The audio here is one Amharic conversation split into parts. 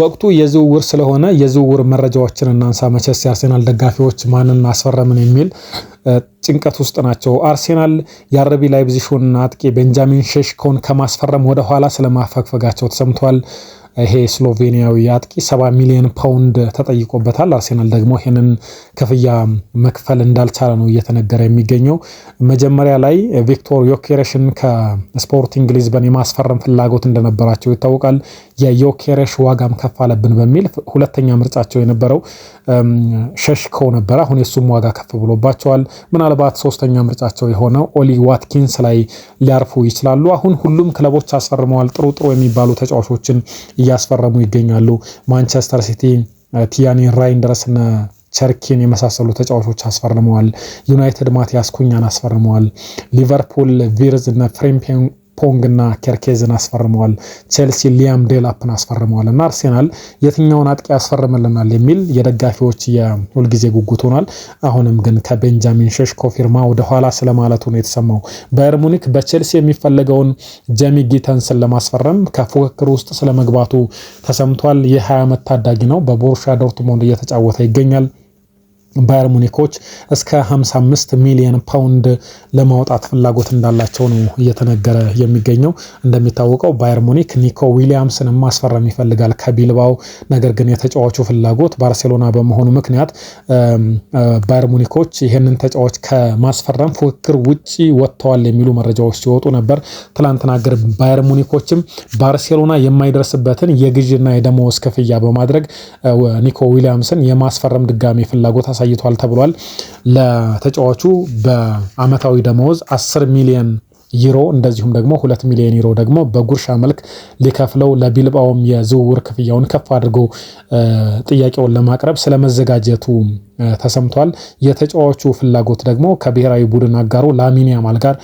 ወቅቱ የዝውውር ስለሆነ የዝውውር መረጃዎችን እናንሳ። መቼስ የአርሴናል ደጋፊዎች ማንን አስፈረምን የሚል ጭንቀት ውስጥ ናቸው። አርሴናል የአረቢ ላይፕዚሹን አጥቂ ቤንጃሚን ሼሽኮን ከማስፈረም ወደኋላ ስለማፈግፈጋቸው ተሰምቷል። ይሄ ስሎቬኒያዊ አጥቂ 70 ሚሊዮን ፓውንድ ተጠይቆበታል። አርሴናል ደግሞ ይህንን ክፍያ መክፈል እንዳልቻለ ነው እየተነገረ የሚገኘው። መጀመሪያ ላይ ቪክቶር ዮኬሬሽን ከስፖርቲንግ ሊዝበን የማስፈረም ፍላጎት እንደነበራቸው ይታወቃል። የዮኬሬሽ ዋጋም ከፍ አለብን በሚል ሁለተኛ ምርጫቸው የነበረው ሸሽኮ ነበረ። አሁን የሱም ዋጋ ከፍ ብሎባቸዋል። ምናልባት ሶስተኛ ምርጫቸው የሆነው ኦሊ ዋትኪንስ ላይ ሊያርፉ ይችላሉ። አሁን ሁሉም ክለቦች አስፈርመዋል። ጥሩ ጥሩ የሚባሉ ተጫዋቾችን እያስፈረሙ ይገኛሉ። ማንቸስተር ሲቲ ቲያኒ ራይንደርስና ቸርኪን የመሳሰሉ ተጫዋቾች አስፈርመዋል። ዩናይትድ ማቲያስ ኩኛን አስፈርመዋል። ሊቨርፑል ቪርዝ እና ፍሬምፔንግ ፖንግና ኬርኬዝን አስፈርመዋል። ቼልሲ ሊያም ዴላፕን አስፈርመዋል እና አርሴናል የትኛውን አጥቂ ያስፈርምልናል የሚል የደጋፊዎች የሁልጊዜ ጉጉት ሆኗል። አሁንም ግን ከቤንጃሚን ሸሽኮ ፊርማ ወደኋላ ስለማለቱ ነው የተሰማው። ባየር ሙኒክ በቼልሲ የሚፈለገውን ጀሚ ጊተንስን ለማስፈረም ከፉክክር ውስጥ ስለመግባቱ ተሰምቷል። የ20 ዓመት ታዳጊ ነው። በቦርሻ ዶርትሞንድ እየተጫወተ ይገኛል። ባየር ሙኒኮች እስከ 55 ሚሊዮን ፓውንድ ለማውጣት ፍላጎት እንዳላቸው ነው እየተነገረ የሚገኘው። እንደሚታወቀው ባየር ሙኒክ ኒኮ ዊሊያምስን ማስፈረም ይፈልጋል ከቢልባው። ነገር ግን የተጫዋቹ ፍላጎት ባርሴሎና በመሆኑ ምክንያት ባየር ሙኒኮች ይህንን ተጫዋች ከማስፈረም ፉክክር ውጪ ወጥተዋል የሚሉ መረጃዎች ሲወጡ ነበር። ትላንትና ግር ባየር ሙኒኮችም ባርሴሎና የማይደርስበትን የግዥና የደመወዝ ክፍያ በማድረግ ኒኮ ዊሊያምስን የማስፈረም ድጋሚ ፍላጎት አሳይቷል ተብሏል። ለተጫዋቹ በአመታዊ ደመወዝ 10 ሚሊዮን ዩሮ እንደዚሁም ደግሞ ሁለት ሚሊዮን ዩሮ ደግሞ በጉርሻ መልክ ሊከፍለው ለቢልባውም የዝውውር ክፍያውን ከፍ አድርጎ ጥያቄውን ለማቅረብ ስለመዘጋጀቱ ተሰምቷል። የተጫዋቹ ፍላጎት ደግሞ ከብሔራዊ ቡድን አጋሩ ላሚን ያማል ጋር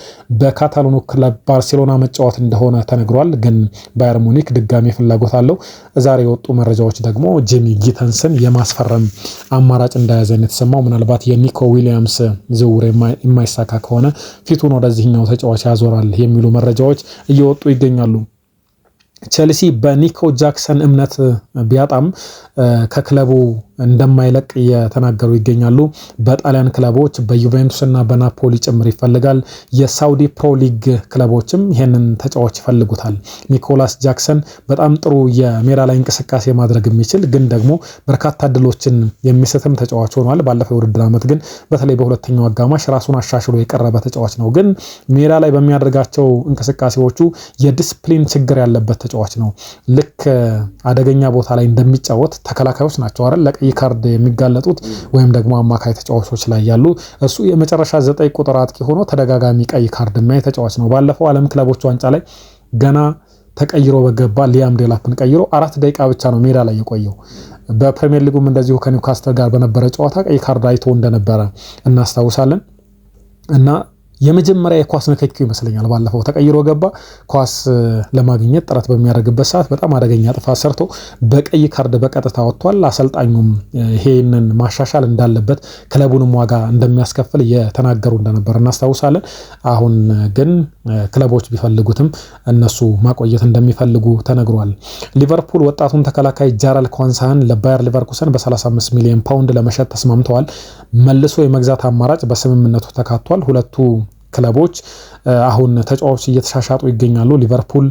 በካታሎኑ ክለብ ባርሴሎና መጫወት እንደሆነ ተነግሯል። ግን ባየር ሙኒክ ድጋሚ ፍላጎት አለው። ዛሬ የወጡ መረጃዎች ደግሞ ጂሚ ጊተንስን የማስፈረም አማራጭ እንደያዘ የተሰማው ምናልባት የኒኮ ዊሊያምስ ዝውውር የማይሳካ ከሆነ ፊቱን ወደዚህኛው ተጫዋች ያዞራል የሚሉ መረጃዎች እየወጡ ይገኛሉ። ቼልሲ በኒኮ ጃክሰን እምነት ቢያጣም ከክለቡ እንደማይለቅ እየተናገሩ ይገኛሉ። በጣሊያን ክለቦች በዩቬንቱስ እና በናፖሊ ጭምር ይፈልጋል። የሳውዲ ፕሮ ሊግ ክለቦችም ይህንን ተጫዋች ይፈልጉታል። ኒኮላስ ጃክሰን በጣም ጥሩ የሜዳ ላይ እንቅስቃሴ ማድረግ የሚችል ግን ደግሞ በርካታ እድሎችን የሚስትም ተጫዋች ሆኗል። ባለፈው የውድድር ዓመት ግን በተለይ በሁለተኛው አጋማሽ ራሱን አሻሽሎ የቀረበ ተጫዋች ነው። ግን ሜዳ ላይ በሚያደርጋቸው እንቅስቃሴዎቹ የዲስፕሊን ችግር ያለበት ተጫዋች ነው። ልክ አደገኛ ቦታ ላይ እንደሚጫወት ተከላካዮች ናቸው አይደል ካርድ የሚጋለጡት ወይም ደግሞ አማካይ ተጫዋቾች ላይ ያሉ እሱ የመጨረሻ ዘጠኝ ቁጥር አጥቂ ሆኖ ተደጋጋሚ ቀይ ካርድ የሚያይ ተጫዋች ነው። ባለፈው ዓለም ክለቦች ዋንጫ ላይ ገና ተቀይሮ በገባ ሊያም ዴላፕን ቀይሮ አራት ደቂቃ ብቻ ነው ሜዳ ላይ የቆየው። በፕሪሚየር ሊጉም እንደዚሁ ከኒውካስተር ጋር በነበረ ጨዋታ ቀይ ካርድ አይቶ እንደነበረ እናስታውሳለን እና የመጀመሪያ የኳስ ንክኪ ይመስለኛል። ባለፈው ተቀይሮ ገባ። ኳስ ለማግኘት ጥረት በሚያደርግበት ሰዓት በጣም አደገኛ ጥፋት ሰርቶ በቀይ ካርድ በቀጥታ ወጥቷል። አሰልጣኙም ይሄንን ማሻሻል እንዳለበት ክለቡንም ዋጋ እንደሚያስከፍል እየተናገሩ እንደነበር እናስታውሳለን። አሁን ግን ክለቦች ቢፈልጉትም እነሱ ማቆየት እንደሚፈልጉ ተነግሯል። ሊቨርፑል ወጣቱን ተከላካይ ጃራል ኳንሳህን ለባየር ሊቨርኩሰን በ35 ሚሊዮን ፓውንድ ለመሸጥ ተስማምተዋል። መልሶ የመግዛት አማራጭ በስምምነቱ ተካቷል። ሁለቱ ክለቦች አሁን ተጫዋቾች እየተሻሻጡ ይገኛሉ። ሊቨርፑል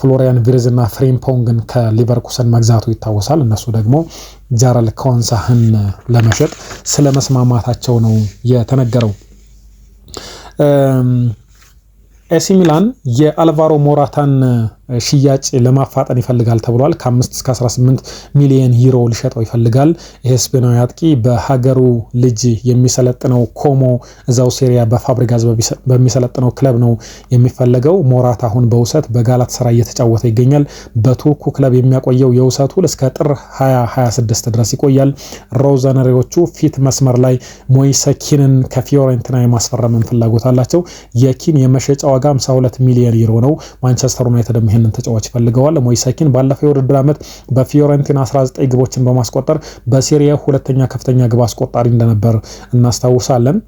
ፍሎሪያን ቪርዝ እና ፍሬምፖንግን ከሊቨርኩሰን መግዛቱ ይታወሳል። እነሱ ደግሞ ጃረል ኮንሳህን ለመሸጥ ስለ መስማማታቸው ነው የተነገረው። ኤሲ ሚላን የአልቫሮ ሞራታን ሽያጭ ለማፋጠን ይፈልጋል ተብሏል። ከ5 እስከ 18 ሚሊዮን ዩሮ ሊሸጠው ይፈልጋል። ይሄ ስፔናዊ አጥቂ በሀገሩ ልጅ የሚሰለጥነው ኮሞ እዛው ሴሪያ በፋብሪጋዝ በሚሰለጥነው ክለብ ነው የሚፈለገው። ሞራት አሁን በውሰት በጋላት ስራ እየተጫወተ ይገኛል። በቱርኩ ክለብ የሚያቆየው የውሰት ውል እስከ ጥር 2026 ድረስ ይቆያል። ሮዘነሪዎቹ ፊት መስመር ላይ ሞይሰኪንን ኪንን ከፊዮሬንቲና የማስፈረምን ፍላጎት አላቸው። የኪን የመሸጫ ዋጋ 52 ሚሊዮን ዩሮ ነው። ማንቸስተር ዩናይትድ ይህንን ተጫዋች ፈልገዋል። ሞይሰኪን ባለፈው የውድድር ዓመት በፊዮረንቲና 19 ግቦችን በማስቆጠር በሴሪያ ሁለተኛ ከፍተኛ ግብ አስቆጣሪ እንደነበር እናስታውሳለን።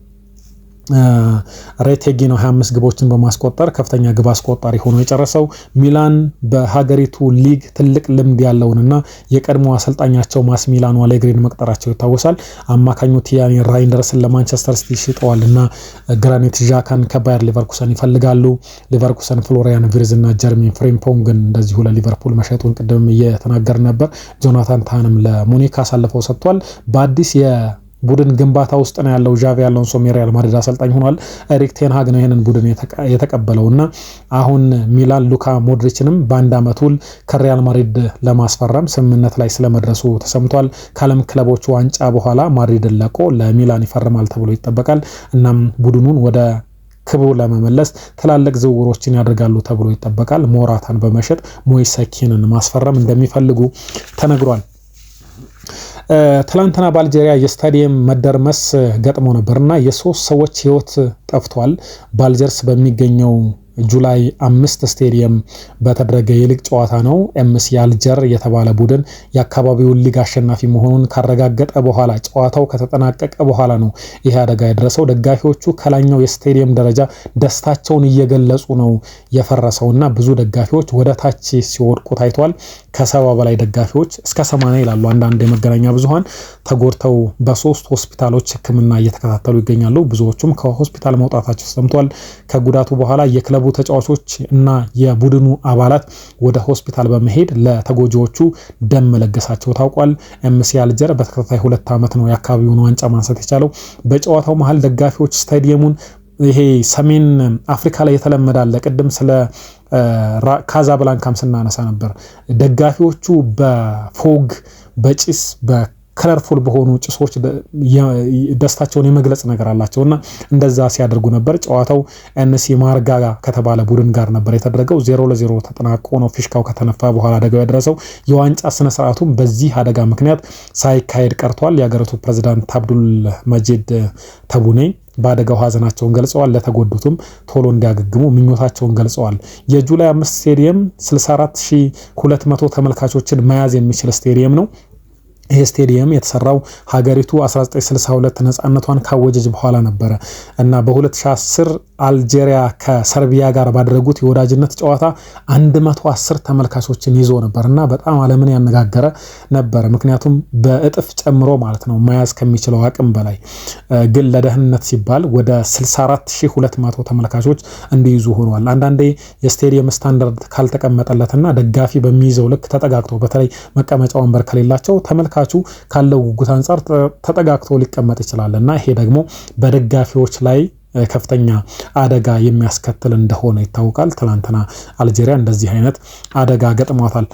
ሬቴጌ ነው 25 ግቦችን በማስቆጠር ከፍተኛ ግብ አስቆጣሪ ሆኖ የጨረሰው። ሚላን በሀገሪቱ ሊግ ትልቅ ልምድ ያለውንና የቀድሞ አሰልጣኛቸው ማስ ሚላኑ አሌግሪን መቅጠራቸው ይታወሳል። አማካኙ ቲያኒ ራይንደርስን ለማንቸስተር ሲቲ ሽጠዋል እና ግራኒት ዣካን ከባየር ሊቨርኩሰን ይፈልጋሉ። ሊቨርኩሰን ፍሎሪያን ቪርዝ እና ጀርሜን ፍሬምፖንግን እንደዚሁ ለሊቨርፑል መሸጡን ቅድም እየተናገር ነበር። ጆናታን ታንም ለሙኒክ አሳልፈው ሰጥቷል። በአዲስ የ ቡድን ግንባታ ውስጥ ነው ያለው ዣቪ አሎንሶ የሪያል ማድሪድ አሰልጣኝ ሆኗል። ኤሪክ ቴንሃግ ነው ይህንን ቡድን የተቀበለው እና አሁን ሚላን ሉካ ሞድሪችንም በአንድ አመት ውል ከሪያል ማድሪድ ለማስፈረም ስምምነት ላይ ስለመድረሱ ተሰምቷል። ከዓለም ክለቦች ዋንጫ በኋላ ማድሪድን ለቆ ለሚላን ይፈርማል ተብሎ ይጠበቃል። እናም ቡድኑን ወደ ክብሩ ለመመለስ ትላልቅ ዝውውሮችን ያደርጋሉ ተብሎ ይጠበቃል። ሞራታን በመሸጥ ሞይሰኪንን ማስፈረም እንደሚፈልጉ ተነግሯል። ትላንትና በአልጄሪያ የስታዲየም መደርመስ ገጥሞ ነበርና የሶስት ሰዎች ህይወት ጠፍቷል። በአልጀርስ በሚገኘው ጁላይ አምስት ስቴዲየም በተደረገ የሊግ ጨዋታ ነው። ኤምሲ አልጀር የተባለ ቡድን የአካባቢውን ሊግ አሸናፊ መሆኑን ካረጋገጠ በኋላ ጨዋታው ከተጠናቀቀ በኋላ ነው ይህ አደጋ የደረሰው። ደጋፊዎቹ ከላይኛው የስቴዲየም ደረጃ ደስታቸውን እየገለጹ ነው የፈረሰው እና ብዙ ደጋፊዎች ወደ ታች ሲወድቁ ታይቷል። ከሰባ በላይ ደጋፊዎች እስከ ሰማንያ ይላሉ አንዳንድ የመገናኛ ብዙኃን ተጎድተው በሶስት ሆስፒታሎች ሕክምና እየተከታተሉ ይገኛሉ። ብዙዎቹም ከሆስፒታል መውጣታቸው ተሰምቷል። ከጉዳቱ በኋላ የክለብ የክለቡ ተጫዋቾች እና የቡድኑ አባላት ወደ ሆስፒታል በመሄድ ለተጎጂዎቹ ደም መለገሳቸው ታውቋል። ኤምሲ አልጀር በተከታታይ ሁለት ዓመት ነው የአካባቢውን ዋንጫ ማንሳት የቻለው። በጨዋታው መሀል ደጋፊዎች ስታዲየሙን ይሄ ሰሜን አፍሪካ ላይ የተለመደ አለ። ቅድም ስለ ካዛብላንካም ስናነሳ ነበር። ደጋፊዎቹ በፎግ በጭስ ከለርፉል በሆኑ ጭሶች ደስታቸውን የመግለጽ ነገር አላቸው እና እንደዛ ሲያደርጉ ነበር። ጨዋታው ኤንሲ ማርጋጋ ከተባለ ቡድን ጋር ነበር የተደረገው። ዜሮ ለዜሮ ተጠናቆ ነው ፊሽካው ከተነፋ በኋላ አደጋው የደረሰው። የዋንጫ ስነስርዓቱም በዚህ አደጋ ምክንያት ሳይካሄድ ቀርቷል። የሀገሪቱ ፕሬዚዳንት አብዱል መጂድ ተቡኔ በአደጋው ሀዘናቸውን ገልጸዋል። ለተጎዱትም ቶሎ እንዲያገግሙ ምኞታቸውን ገልጸዋል። የጁላይ አምስት ስቴዲየም 64200 ተመልካቾችን መያዝ የሚችል ስቴዲየም ነው። ይህ ስቴዲየም የተሰራው ሀገሪቱ 1962 ነፃነቷን ካወጀች በኋላ ነበረ እና በ2010 አልጄሪያ ከሰርቢያ ጋር ባደረጉት የወዳጅነት ጨዋታ 110 ተመልካቾችን ይዞ ነበር እና በጣም ዓለምን ያነጋገረ ነበረ። ምክንያቱም በእጥፍ ጨምሮ ማለት ነው መያዝ ከሚችለው አቅም በላይ ግን ለደህንነት ሲባል ወደ 64200 ተመልካቾች እንዲይዙ ሆኗል። አንዳንዴ የስቴዲየም ስታንዳርድ ካልተቀመጠለትና ደጋፊ በሚይዘው ልክ ተጠጋግቶ በተለይ መቀመጫ ወንበር ከሌላቸው ተመልካ ተመልካቹ ካለው ጉጉት አንጻር ተጠጋግቶ ሊቀመጥ ይችላል እና ይሄ ደግሞ በደጋፊዎች ላይ ከፍተኛ አደጋ የሚያስከትል እንደሆነ ይታወቃል። ትናንትና አልጄሪያ እንደዚህ አይነት አደጋ ገጥሟታል።